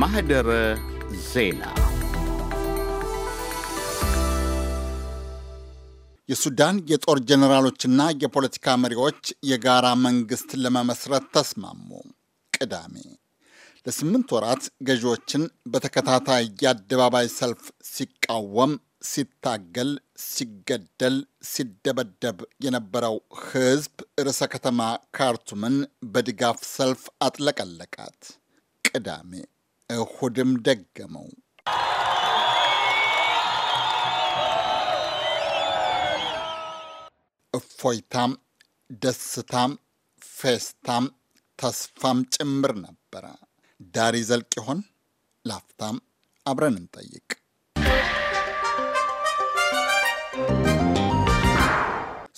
ማህደረ ዜና የሱዳን የጦር ጀኔራሎችና የፖለቲካ መሪዎች የጋራ መንግስት ለመመስረት ተስማሙ። ቅዳሜ ለስምንት ወራት ገዢዎችን በተከታታይ የአደባባይ ሰልፍ ሲቃወም፣ ሲታገል፣ ሲገደል፣ ሲደበደብ የነበረው ሕዝብ ርዕሰ ከተማ ካርቱምን በድጋፍ ሰልፍ አጥለቀለቃት። ቅዳሜ እሁድም ደገመው። እፎይታም ደስታም ፌስታም ተስፋም ጭምር ነበረ። ዳር ይዘልቅ ይሆን? ላፍታም አብረን እንጠይቅ።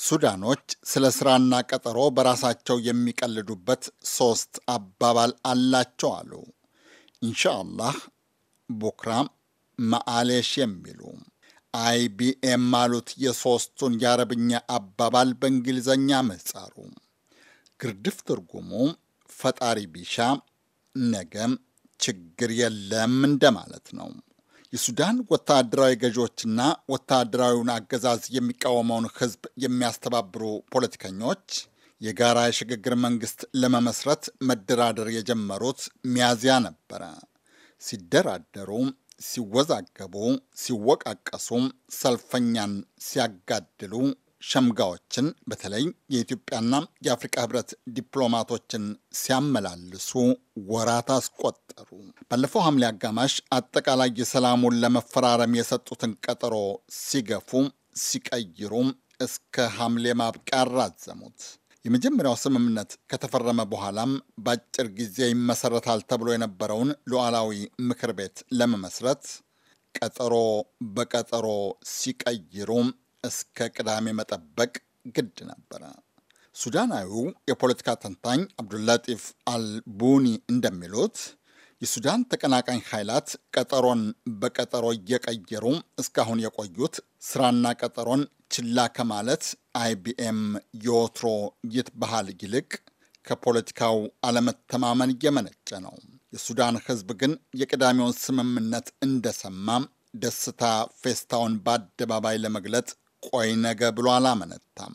ሱዳኖች ስለ ስራና ቀጠሮ በራሳቸው የሚቀልዱበት ሶስት አባባል አላቸው አሉ ኢንሻአላህ ቡክራም ማአሌሽ የሚሉ አይቢኤም አሉት የሦስቱን የአረብኛ አባባል በእንግሊዘኛ ምህጻሩ። ግርድፍ ትርጉሙ ፈጣሪ ቢሻ ነገም ችግር የለም እንደማለት ነው። የሱዳን ወታደራዊ ገዢዎችና ወታደራዊውን አገዛዝ የሚቃወመውን ህዝብ የሚያስተባብሩ ፖለቲከኞች የጋራ የሽግግር መንግስት ለመመስረት መደራደር የጀመሩት ሚያዝያ ነበረ። ሲደራደሩ፣ ሲወዛገቡ፣ ሲወቃቀሱ፣ ሰልፈኛን ሲያጋድሉ፣ ሸምጋዎችን በተለይ የኢትዮጵያና የአፍሪካ ህብረት ዲፕሎማቶችን ሲያመላልሱ ወራት አስቆጠሩ። ባለፈው ሐምሌ አጋማሽ አጠቃላይ የሰላሙን ለመፈራረም የሰጡትን ቀጠሮ ሲገፉ፣ ሲቀይሩ እስከ ሐምሌ ማብቂያ አራዘሙት። የመጀመሪያው ስምምነት ከተፈረመ በኋላም በአጭር ጊዜ ይመሰረታል ተብሎ የነበረውን ሉዓላዊ ምክር ቤት ለመመስረት ቀጠሮ በቀጠሮ ሲቀይሩ እስከ ቅዳሜ መጠበቅ ግድ ነበረ። ሱዳናዊው የፖለቲካ ተንታኝ አብዱላጢፍ አልቡኒ እንደሚሉት የሱዳን ተቀናቃኝ ኃይላት ቀጠሮን በቀጠሮ እየቀየሩ እስካሁን የቆዩት ስራና ቀጠሮን ችላ ከማለት አይቢኤም የወትሮ ይት ባህል ይልቅ ከፖለቲካው አለመተማመን እየመነጨ ነው። የሱዳን ህዝብ ግን የቅዳሜውን ስምምነት እንደሰማ ደስታ ፌስታውን በአደባባይ ለመግለጥ ቆይ ነገ ብሎ አላመነታም።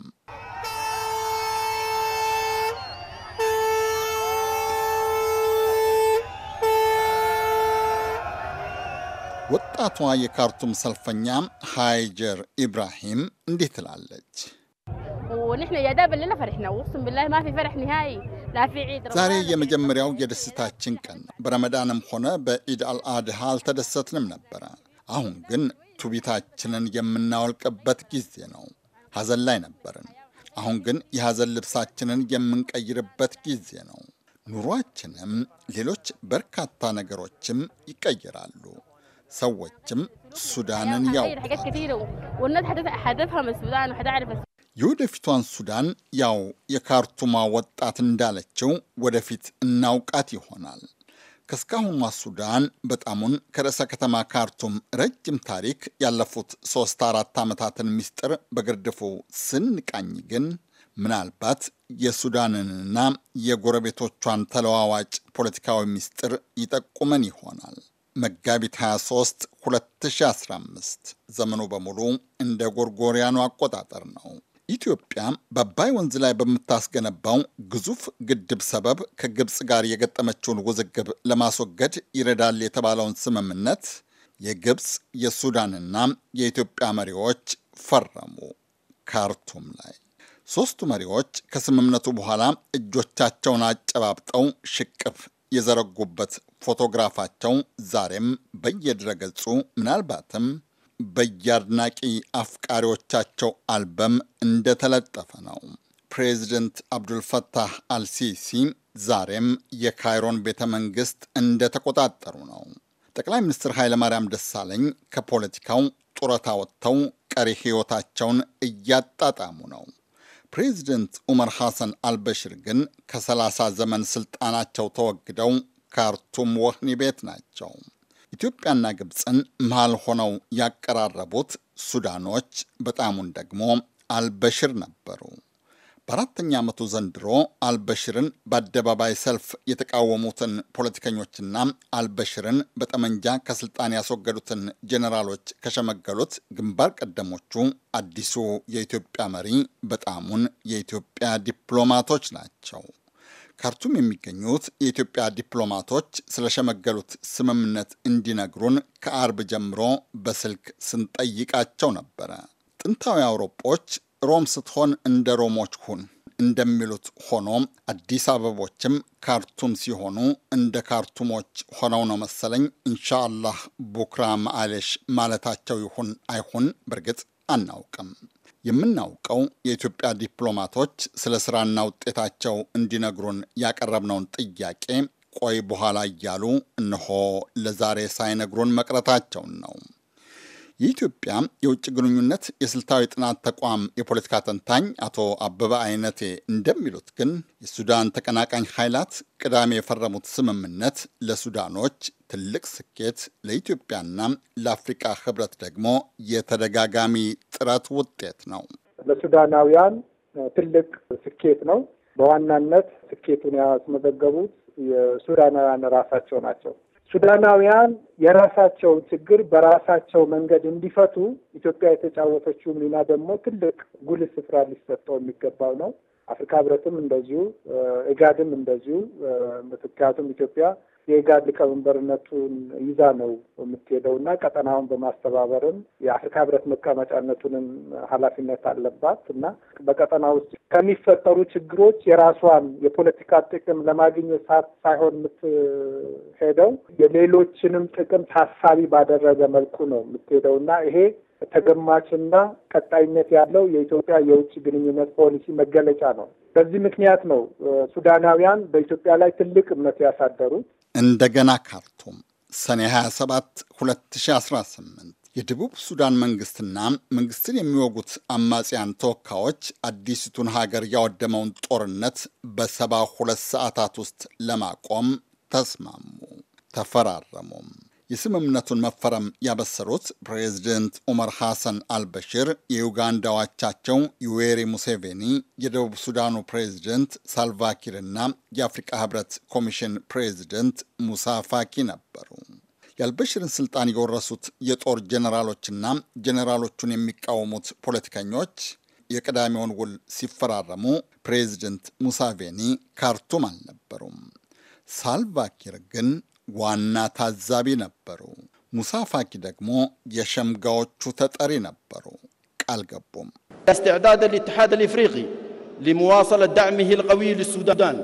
ወጣቷ የካርቱም ሰልፈኛ ሃይጀር ኢብራሂም እንዲህ ትላለች። ዛሬ የመጀመሪያው የደስታችን ቀን ነው። በረመዳንም ሆነ በኢድ አልአድሃ አልተደሰትንም ነበረ። አሁን ግን ቱቢታችንን የምናወልቅበት ጊዜ ነው። ሐዘን ላይ ነበርን። አሁን ግን የሐዘን ልብሳችንን የምንቀይርበት ጊዜ ነው። ኑሯችንም ሌሎች በርካታ ነገሮችም ይቀይራሉ። ሰዎችም ሱዳንን ያውቃሉ። የወደፊቷን ሱዳን ያው የካርቱማ ወጣት እንዳለችው ወደፊት እናውቃት ይሆናል። ከእስካሁኗ ሱዳን በጣሙን ከርዕሰ ከተማ ካርቱም ረጅም ታሪክ ያለፉት ሶስት አራት ዓመታትን ምስጢር በግርድፉ ስንቃኝ ግን ምናልባት የሱዳንንና የጎረቤቶቿን ተለዋዋጭ ፖለቲካዊ ምስጢር ይጠቁመን ይሆናል። መጋቢት 23 2015 ዘመኑ በሙሉ እንደ ጎርጎሪያኑ አቆጣጠር ነው። ኢትዮጵያ በአባይ ወንዝ ላይ በምታስገነባው ግዙፍ ግድብ ሰበብ ከግብፅ ጋር የገጠመችውን ውዝግብ ለማስወገድ ይረዳል የተባለውን ስምምነት የግብፅ የሱዳንና የኢትዮጵያ መሪዎች ፈረሙ። ካርቱም ላይ ሦስቱ መሪዎች ከስምምነቱ በኋላ እጆቻቸውን አጨባብጠው ሽቅፍ የዘረጉበት ፎቶግራፋቸው ዛሬም በየድረገጹ ምናልባትም በየአድናቂ አፍቃሪዎቻቸው አልበም እንደተለጠፈ ነው። ፕሬዚደንት አብዱልፈታህ አልሲሲ ዛሬም የካይሮን ቤተ መንግስት እንደተቆጣጠሩ ነው። ጠቅላይ ሚኒስትር ኃይለማርያም ደሳለኝ ከፖለቲካው ጡረታ ወጥተው ቀሪ ሕይወታቸውን እያጣጣሙ ነው። ፕሬዚደንት ዑመር ሐሰን አልበሽር ግን ከሰላሳ ዘመን ስልጣናቸው ተወግደው ካርቱም ወህኒ ቤት ናቸው። ኢትዮጵያና ግብፅን መሃል ሆነው ያቀራረቡት ሱዳኖች በጣሙን ደግሞ አልበሽር ነበሩ። በአራተኛ ዓመቱ ዘንድሮ አልበሽርን በአደባባይ ሰልፍ የተቃወሙትን ፖለቲከኞችና አልበሽርን በጠመንጃ ከስልጣን ያስወገዱትን ጄኔራሎች ከሸመገሉት ግንባር ቀደሞቹ አዲሱ የኢትዮጵያ መሪ በጣሙን የኢትዮጵያ ዲፕሎማቶች ናቸው። ካርቱም የሚገኙት የኢትዮጵያ ዲፕሎማቶች ስለሸመገሉት ስምምነት እንዲነግሩን ከአርብ ጀምሮ በስልክ ስንጠይቃቸው ነበረ። ጥንታዊ አውሮጶች ሮም ስትሆን እንደ ሮሞች ሁን እንደሚሉት ሆኖ አዲስ አበቦችም ካርቱም ሲሆኑ እንደ ካርቱሞች ሆነው ነው መሰለኝ ኢንሻአላህ ቡክራ ማአሌሽ ማለታቸው ይሁን አይሁን በእርግጥ አናውቅም። የምናውቀው የኢትዮጵያ ዲፕሎማቶች ስለ ስራና ውጤታቸው እንዲነግሩን ያቀረብነውን ጥያቄ ቆይ በኋላ እያሉ እነሆ ለዛሬ ሳይነግሩን መቅረታቸውን ነው። የኢትዮጵያ የውጭ ግንኙነት የስልታዊ ጥናት ተቋም የፖለቲካ ተንታኝ አቶ አበበ አይነቴ እንደሚሉት ግን የሱዳን ተቀናቃኝ ኃይላት ቅዳሜ የፈረሙት ስምምነት ለሱዳኖች ትልቅ ስኬት፣ ለኢትዮጵያና ለአፍሪካ ህብረት ደግሞ የተደጋጋሚ ጥረት ውጤት ነው። ለሱዳናውያን ትልቅ ስኬት ነው። በዋናነት ስኬቱን ያስመዘገቡት የሱዳናውያን ራሳቸው ናቸው። ሱዳናውያን የራሳቸው ችግር በራሳቸው መንገድ እንዲፈቱ ኢትዮጵያ የተጫወተችው ሚና ደግሞ ትልቅ ጉልህ ስፍራ ሊሰጠው የሚገባው ነው። አፍሪካ ህብረትም እንደዚሁ፣ ኢጋድም እንደዚሁ። ምክንያቱም ኢትዮጵያ የጋድ ሊቀመንበርነቱን ይዛ ነው የምትሄደው እና ቀጠናውን በማስተባበርም የአፍሪካ ህብረት መቀመጫነቱንም ኃላፊነት አለባት እና በቀጠና ውስጥ ከሚፈጠሩ ችግሮች የራሷን የፖለቲካ ጥቅም ለማግኘት ሳይሆን የምትሄደው የሌሎችንም ጥቅም ታሳቢ ባደረገ መልኩ ነው የምትሄደው እና ይሄ ተገማችና ቀጣይነት ያለው የኢትዮጵያ የውጭ ግንኙነት ፖሊሲ መገለጫ ነው። በዚህ ምክንያት ነው ሱዳናውያን በኢትዮጵያ ላይ ትልቅ እምነት ያሳደሩት። እንደገና ካርቱም ሰኔ 27 2018 የደቡብ ሱዳን መንግስትና መንግስትን የሚወጉት አማጽያን ተወካዮች አዲሲቱን ሀገር ያወደመውን ጦርነት በሰባ ሁለት ሰዓታት ውስጥ ለማቆም ተስማሙ፣ ተፈራረሙም። የስምምነቱን መፈረም ያበሰሩት ፕሬዚደንት ኦመር ሐሰን አልበሽር፣ የዩጋንዳ አቻቸው ዩዌሪ ሙሴቬኒ፣ የደቡብ ሱዳኑ ፕሬዚደንት ሳልቫኪርና የአፍሪቃ ህብረት ኮሚሽን ፕሬዚደንት ሙሳ ፋኪ ነበሩ። የአልበሽርን ስልጣን የወረሱት የጦር ጀኔራሎችና ጀኔራሎቹን የሚቃወሙት ፖለቲከኞች የቅዳሜውን ውል ሲፈራረሙ ፕሬዚደንት ሙሳቬኒ ካርቱም አልነበሩም። ሳልቫኪር ግን ዋና ታዛቢ ነበሩ። ሙሳፋቂ ደግሞ የሸምጋዎቹ ተጠሪ ነበሩ። ቃል ገቡም استعداد الاتحاد الافريقي لمواصله دعمه القوي للسودان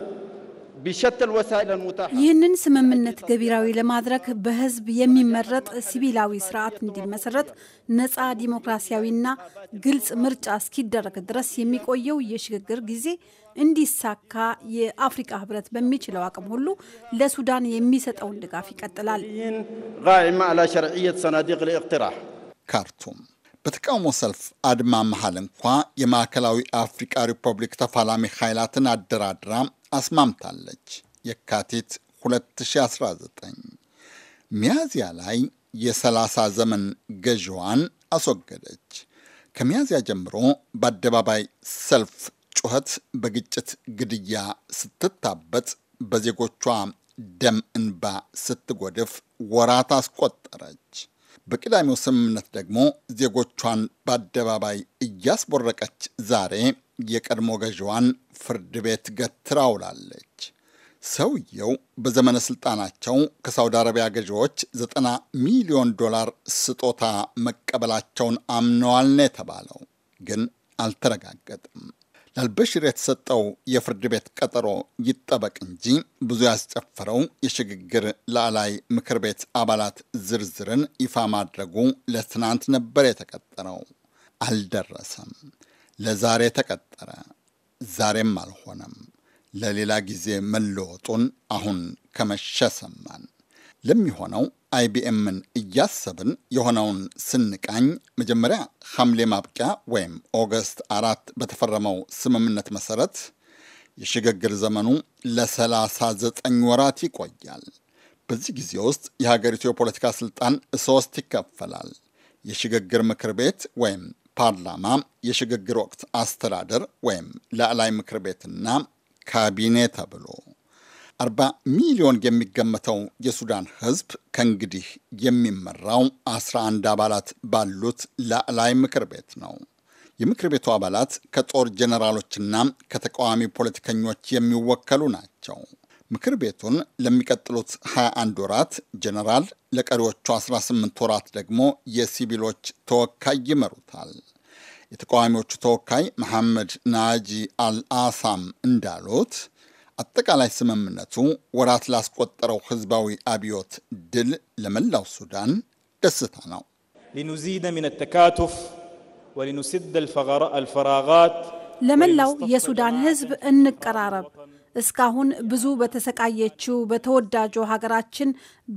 ይህንን ስምምነት ገቢራዊ ለማድረግ በህዝብ የሚመረጥ ሲቪላዊ ስርዓት እንዲመሰረት ነፃ ዲሞክራሲያዊና ግልጽ ምርጫ እስኪደረግ ድረስ የሚቆየው የሽግግር ጊዜ እንዲሳካ የአፍሪቃ ህብረት በሚችለው አቅም ሁሉ ለሱዳን የሚሰጠውን ድጋፍ ይቀጥላል። ካርቱም በተቃውሞ ሰልፍ አድማ መሀል እንኳ የማዕከላዊ አፍሪቃ ሪፐብሊክ ተፋላሚ ኃይላትን አደራድራ አስማምታለች። የካቲት 2019 ሚያዚያ ላይ የሰላሳ ዘመን ገዢዋን አስወገደች። ከሚያዚያ ጀምሮ በአደባባይ ሰልፍ፣ ጩኸት፣ በግጭት ግድያ ስትታበጥ፣ በዜጎቿ ደም እንባ ስትጎድፍ ወራት አስቆጠረች። በቅዳሜው ስምምነት ደግሞ ዜጎቿን በአደባባይ እያስቦረቀች ዛሬ የቀድሞ ገዥዋን ፍርድ ቤት ገትራ ውላለች። ሰውየው በዘመነ ስልጣናቸው ከሳውዲ አረቢያ ገዢዎች 90 ሚሊዮን ዶላር ስጦታ መቀበላቸውን አምነዋል ነው የተባለው፣ ግን አልተረጋገጠም። ላልበሽር የተሰጠው የፍርድ ቤት ቀጠሮ ይጠበቅ እንጂ ብዙ ያስጨፈረው የሽግግር ላዕላይ ምክር ቤት አባላት ዝርዝርን ይፋ ማድረጉ ለትናንት ነበር የተቀጠረው። አልደረሰም። ለዛሬ ተቀጠረ፣ ዛሬም አልሆነም፣ ለሌላ ጊዜ መለወጡን አሁን ከመሸ ሰማን። ለሚሆነው አይቢኤምን እያሰብን የሆነውን ስንቃኝ መጀመሪያ ሐምሌ ማብቂያ ወይም ኦገስት አራት በተፈረመው ስምምነት መሰረት የሽግግር ዘመኑ ለ39 ወራት ይቆያል። በዚህ ጊዜ ውስጥ የሀገሪቱ የፖለቲካ ስልጣን ሶስት ይከፈላል። የሽግግር ምክር ቤት ወይም ፓርላማ፣ የሽግግር ወቅት አስተዳደር ወይም ላዕላይ ምክር ቤትና ካቢኔ ተብሎ 40 ሚሊዮን የሚገመተው የሱዳን ሕዝብ ከእንግዲህ የሚመራው 11 አባላት ባሉት ላዕላይ ምክር ቤት ነው። የምክር ቤቱ አባላት ከጦር ጀነራሎችና ከተቃዋሚ ፖለቲከኞች የሚወከሉ ናቸው። ምክር ቤቱን ለሚቀጥሉት 21 ወራት ጀነራል፣ ለቀሪዎቹ 18 ወራት ደግሞ የሲቪሎች ተወካይ ይመሩታል። የተቃዋሚዎቹ ተወካይ መሐመድ ናጂ አልአሳም እንዳሉት አጠቃላይ ስምምነቱ ወራት ላስቆጠረው ህዝባዊ አብዮት ድል ለመላው ሱዳን ደስታ ነው። ሊኑዚደ ምን ተካቱፍ ወሊኑስድ አልፈራጋት ለመላው የሱዳን ህዝብ እንቀራረብ እስካሁን ብዙ በተሰቃየችው በተወዳጁ ሀገራችን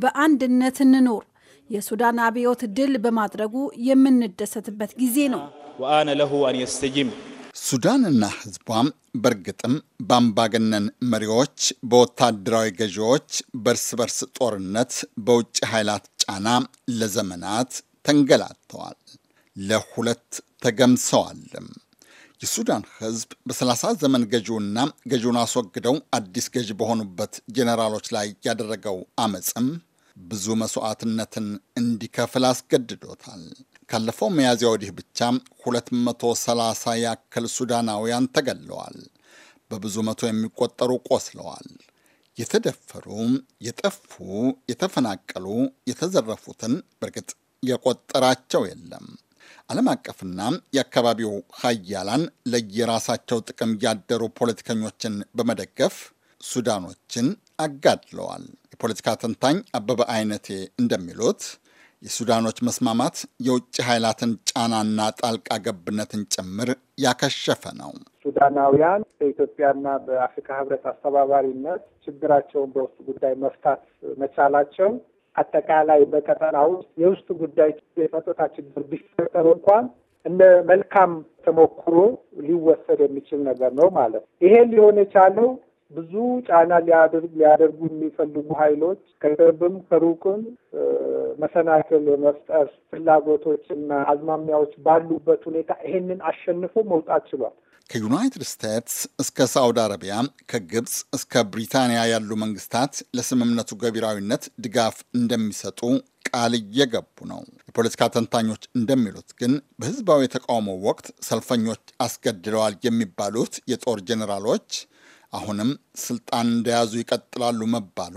በአንድነት እንኖር። የሱዳን አብዮት ድል በማድረጉ የምንደሰትበት ጊዜ ነው። ወአነ ለሁ አን የስተጂም ሱዳንና ህዝቧም በእርግጥም በአምባገነን መሪዎች፣ በወታደራዊ ገዢዎች፣ በእርስ በርስ ጦርነት፣ በውጭ ኃይላት ጫና ለዘመናት ተንገላተዋል። ለሁለት ተገምሰዋልም። የሱዳን ህዝብ በሰላሳ ዘመን ገዢውና ገዢውን አስወግደው አዲስ ገዢ በሆኑበት ጄኔራሎች ላይ ያደረገው አመፅም ብዙ መስዋዕትነትን እንዲከፍል አስገድዶታል። ካለፈው ሚያዝያ ወዲህ ብቻ 230 ያክል ሱዳናውያን ተገለዋል። በብዙ መቶ የሚቆጠሩ ቆስለዋል። የተደፈሩ፣ የጠፉ፣ የተፈናቀሉ፣ የተዘረፉትን በእርግጥ የቆጠራቸው የለም። ዓለም አቀፍና የአካባቢው ሀያላን ለየራሳቸው ጥቅም ያደሩ ፖለቲከኞችን በመደገፍ ሱዳኖችን አጋድለዋል። የፖለቲካ ተንታኝ አበበ አይነቴ እንደሚሉት የሱዳኖች መስማማት የውጭ ኃይላትን ጫናና ጣልቃ ገብነትን ጭምር ያከሸፈ ነው። ሱዳናውያን በኢትዮጵያና በአፍሪካ ሕብረት አስተባባሪነት ችግራቸውን በውስጥ ጉዳይ መፍታት መቻላቸው አጠቃላይ በቀጠና ውስጥ የውስጥ ጉዳይ የፈጠጣ ችግር ቢፈጠሩ እንኳን እንደ መልካም ተሞክሮ ሊወሰድ የሚችል ነገር ነው ማለት ነው። ይሄ ሊሆን የቻለው ብዙ ጫና ሊያደርጉ የሚፈልጉ ኃይሎች ከቅርብም ከሩቅም መሰናክል የመፍጠር ፍላጎቶች እና አዝማሚያዎች ባሉበት ሁኔታ ይሄንን አሸንፎ መውጣት ችሏል። ከዩናይትድ ስቴትስ እስከ ሳውዲ አረቢያ ከግብፅ እስከ ብሪታንያ ያሉ መንግስታት ለስምምነቱ ገቢራዊነት ድጋፍ እንደሚሰጡ ቃል እየገቡ ነው። የፖለቲካ ተንታኞች እንደሚሉት ግን በህዝባዊ የተቃውሞ ወቅት ሰልፈኞች አስገድለዋል የሚባሉት የጦር ጄኔራሎች አሁንም ስልጣን እንደያዙ ይቀጥላሉ መባሉ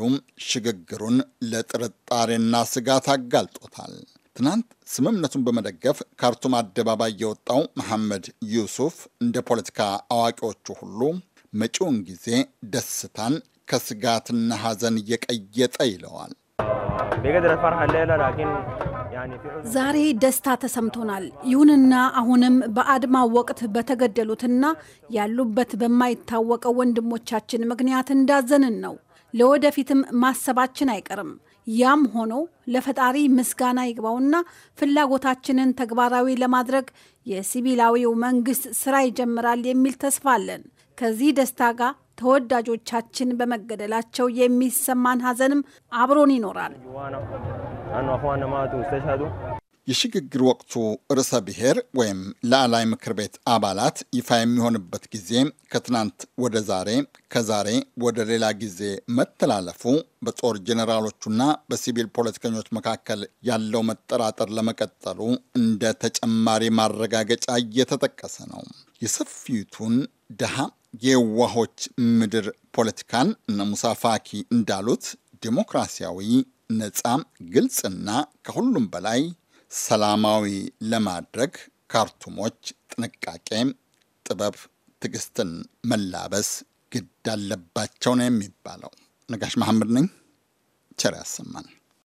ሽግግሩን ለጥርጣሬና ስጋት አጋልጦታል። ትናንት ስምምነቱን በመደገፍ ካርቱም አደባባይ የወጣው መሐመድ ዩሱፍ እንደ ፖለቲካ አዋቂዎቹ ሁሉ መጪውን ጊዜ ደስታን ከስጋትና ሐዘን እየቀየጠ ይለዋል። ዛሬ ደስታ ተሰምቶናል። ይሁንና አሁንም በአድማ ወቅት በተገደሉትና ያሉበት በማይታወቀው ወንድሞቻችን ምክንያት እንዳዘንን ነው። ለወደፊትም ማሰባችን አይቀርም። ያም ሆኖ ለፈጣሪ ምስጋና ይግባውና ፍላጎታችንን ተግባራዊ ለማድረግ የሲቪላዊው መንግስት ስራ ይጀምራል የሚል ተስፋ አለን። ከዚህ ደስታ ጋር ተወዳጆቻችን በመገደላቸው የሚሰማን ሀዘንም አብሮን ይኖራል። የሽግግር ወቅቱ ርዕሰ ብሔር ወይም ላዕላይ ምክር ቤት አባላት ይፋ የሚሆንበት ጊዜ ከትናንት ወደ ዛሬ፣ ከዛሬ ወደ ሌላ ጊዜ መተላለፉ በጦር ጄኔራሎቹና በሲቪል ፖለቲከኞች መካከል ያለው መጠራጠር ለመቀጠሉ እንደ ተጨማሪ ማረጋገጫ እየተጠቀሰ ነው። የሰፊቱን ድሃ የዋሆች ምድር ፖለቲካን እነ ሙሳ ፋኪ እንዳሉት ዲሞክራሲያዊ ነፃ፣ ግልጽና ከሁሉም በላይ ሰላማዊ ለማድረግ ካርቱሞች ጥንቃቄ፣ ጥበብ፣ ትዕግስትን መላበስ ግድ አለባቸው ነው የሚባለው። ነጋሽ መሐመድ ነኝ። ቸር ያሰማን።